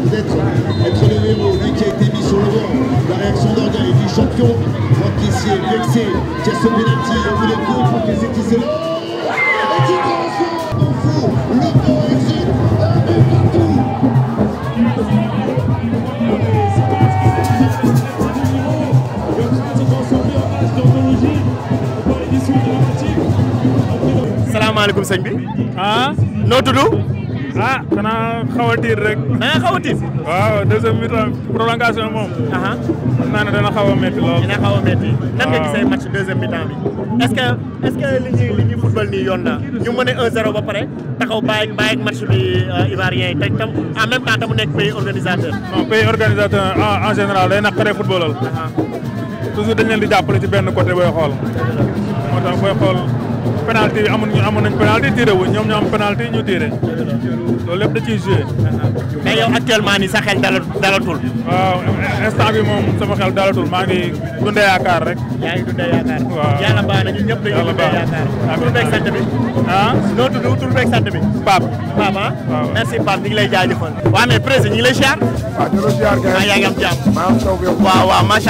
vous êtes être le héros, lui qui a été mis sur le bord, La réaction et du champion, Franck qui s'y est vexé, qui a ce pénalty, il a vu les coups pour qu'il s'est tissé le... Et qui transforme en fou, le banc exit, un but partout. c'est sëñ bi. ah noo tudd. ah xanaa xaw a tiit rek. xanaa xaw a tiit. waaw deuxième mi-temps moom. xam naa ne dana xaw a métti lool. a métti. match deuxième mi-temps bi. est-ce que est nii yoon na ñu mën a ba pare taxaw bàyyi bàyyi ak match bi euh, Ivoirien yi te tam en tamu nekk pays organisateur. non pays organisateur en général day naqaree footballal. toujours dañ leen di jàppale ci benn côté booy xool. booy xool. penalty amoon amoon nañ penalty tiré wuñ ñoom ñu am ñu tiré loolu lépp da ciy joué. mais yow actuellement ni sa xel dalatul. waaw instant bi moom sama xel dalatul maa ngi dundee yaakaar rek. yaa ngi dundee yaakaar. waaw yàlla baax na ñun ñëpp dañuy dundee yaakaar. tur beeg sant bi. ah noo tudd tur beeg sant bi. Pape. Pape ah. waaw merci Pape ñu ngi lay jaajëfal. waaw mais président ñu ah, ah,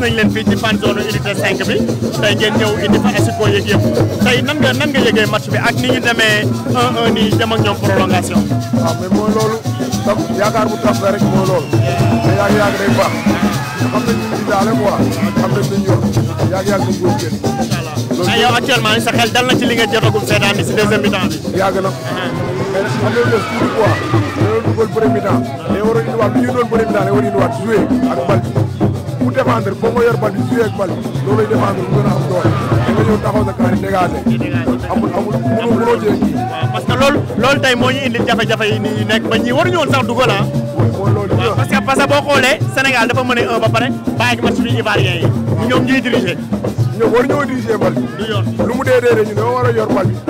nañ leen fii ci fan zone unité 5 bi tey ngeen ñëw indi fa expo yeeg yëpp tey nan mais nan nga yëgee match bi ak ni ñu demee 1-1 nii dem ak ñoom prolongation. waaw mais mooy loolu yaakaar bu tax rek mooy loolu. mais yàgg yàgg day baax. xam nañ ñu daale quoi xam nañ dañ yor yàgg ah, sa xel dal ci li nga jotagum seetaan si deuxième mi-temps bi. yàgg na. mais nag am na lu des tuuti quoi. da doon dugal premier mi-temps. mais waroon bi ñu doon premier mi-temps da war indiwaat joué ak bal mu défendre boo ma yor bal bi suyee ak bal loolu lay défendre mu gën a am doole nga ñëw taxaw sa kaar yi amul amul mënoo mënoo jee kii parce que loolu loolu tey moo ñu indi jafe-jafe yi ni nekk ba ñi waruñu woon sax dugal ah mooy parce que boo xoolee senegal dafa mën a un ba pare bàyyi ak match bi Ivoirien ñoom ñuy diriger ñoom waruñoo diriger bal lu mu dee dee ñu ne war a yor bal bi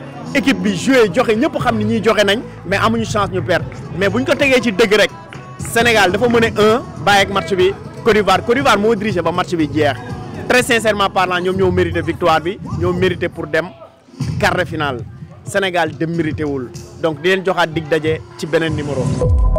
équipe bi joué joxe ñëpp xam ni ñuy joxe nañ mais amuñu chance ñu perdre mais buñ ko tegee ci dëgg rek Sénégal dafa mëne 1 un ak match bi Côte d'Ivoire Côte d'Ivoire moo dirigé ba match bi jeex très sincèrement parlant ñom ñoo mérité victoire bi ñoo mérité pour dem quart de finale Sénégal de mérité wul donc di leen joxat dig dajé ci benen numéro.